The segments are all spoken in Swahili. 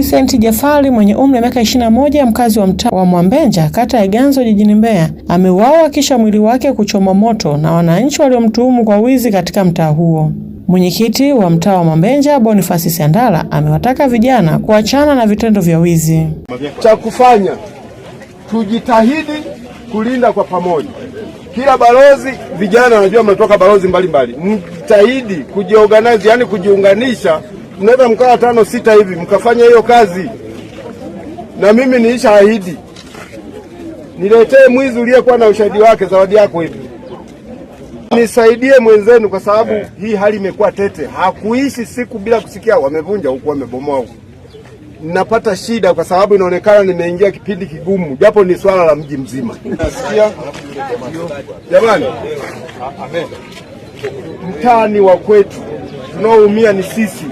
Vincent Jafari mwenye umri wa miaka 21 mkazi wa mtaa wa Mwambenja kata ya Ganzo jijini Mbeya ameuawa kisha mwili wake kuchomwa moto na wananchi waliomtuhumu kwa wizi katika mtaa huo. Mwenyekiti wa mtaa wa Mwambenja Bonifasi Sandala amewataka vijana kuachana na vitendo vya wizi. Cha kufanya tujitahidi kulinda kwa pamoja. Kila balozi, vijana wanajua mnatoka balozi mbalimbali, mjitahidi kujiorganize, yani kujiunganisha mnaweza mkawa tano sita hivi mkafanya hiyo kazi, na mimi niisha ahidi niletee mwizi uliyekuwa na ushahidi wake, zawadi yako hivi nisaidie mwenzenu, kwa sababu yeah. Hii hali imekuwa tete, hakuishi siku bila kusikia wamevunja huku, wamebomoa huku. Napata shida kwa sababu inaonekana nimeingia kipindi kigumu, japo ni swala la mji mzima. Nasikia jamani, mtaani wa kwetu tunaoumia ni sisi.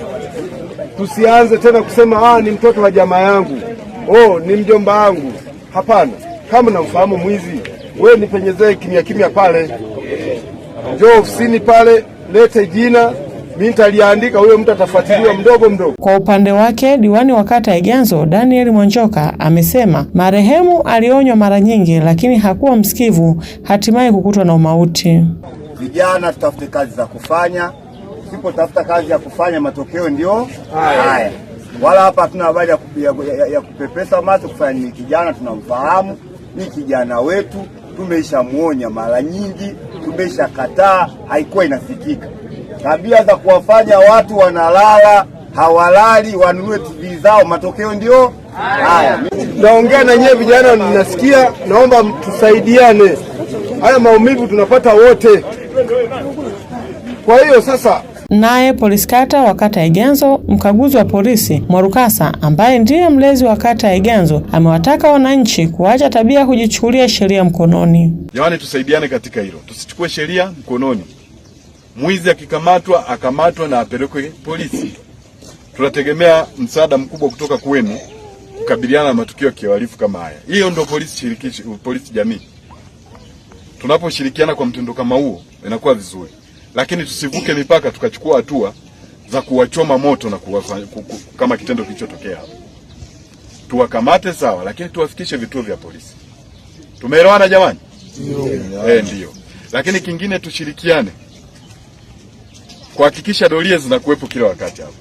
Tusianze tena kusema ah, ni mtoto wa jamaa yangu, oh, ni mjomba wangu. Hapana, kama namfahamu mwizi, we nipenyezee kimya kimya pale, njoo ofisini pale, lete jina mimi nitaliandika, huyo mtu atafuatiliwa mdogo mdogo. Kwa upande wake, diwani wa kata ya ganzo Daniel Mwanjoka amesema marehemu alionywa mara nyingi, lakini hakuwa msikivu, hatimaye kukutwa na umauti. Vijana tutafute kazi za kufanya Tusipotafuta kazi ya kufanya, matokeo ndio haya. Wala hapa hatuna habari ya, ya, ya, ya kupepesa macho kufanya nini. Kijana tunamfahamu, ni kijana wetu, tumeshamwonya mara nyingi, tumeshakataa, haikuwa inasikika. Tabia za kuwafanya watu wanalala hawalali wanunue TV zao, matokeo ndio haya. Naongea na nyewe vijana, ninasikia, naomba tusaidiane, haya maumivu tunapata wote. Kwa hiyo sasa Naye polisi kata wa kata ya Iganzo, mkaguzi wa polisi Mwarukasa, ambaye ndiye mlezi wa kata ya Iganzo, amewataka wananchi kuacha tabia kujichukulia sheria mkononi. Jamani, tusaidiane katika hilo, tusichukue sheria mkononi. Mwizi akikamatwa akamatwa na apelekwe polisi. Tunategemea msaada mkubwa kutoka kwenu kukabiliana na matukio ya kihalifu kama haya. Hiyo ndio polisi shirikishi, polisi jamii. Tunaposhirikiana kwa mtindo kama huo inakuwa vizuri lakini tusivuke mipaka tukachukua hatua za kuwachoma moto na kuwafanya, kuku, kama kitendo kilichotokea hapa. Tuwakamate sawa, lakini tuwafikishe vituo vya polisi. Tumeelewana jamani? Ndio. Eh, ndio. Lakini kingine tushirikiane kuhakikisha doria zinakuwepo kila wakati hapo.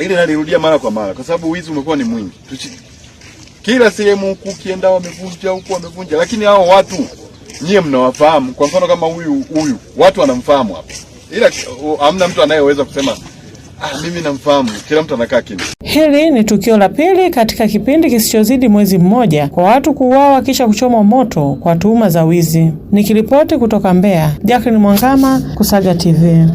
Ile nalirudia mara kwa mara kwa sababu wizi umekuwa ni mwingi. Tuchi... Kila sehemu huku ukienda wamevunja huku wamevunja, lakini hao watu nyie mnawafahamu. Kwa mfano kama huyu huyu, watu wanamfahamu hapa, ila uh, hamna mtu anayeweza kusema Ah, mimi namfahamu. Kila mtu anakaa kimya. Hili ni tukio la pili katika kipindi kisichozidi mwezi mmoja kwa watu kuuawa kisha kuchomwa moto kwa tuhuma za wizi. Nikiripoti kutoka Mbeya, Jacqueline Mwangama, Kusaga TV.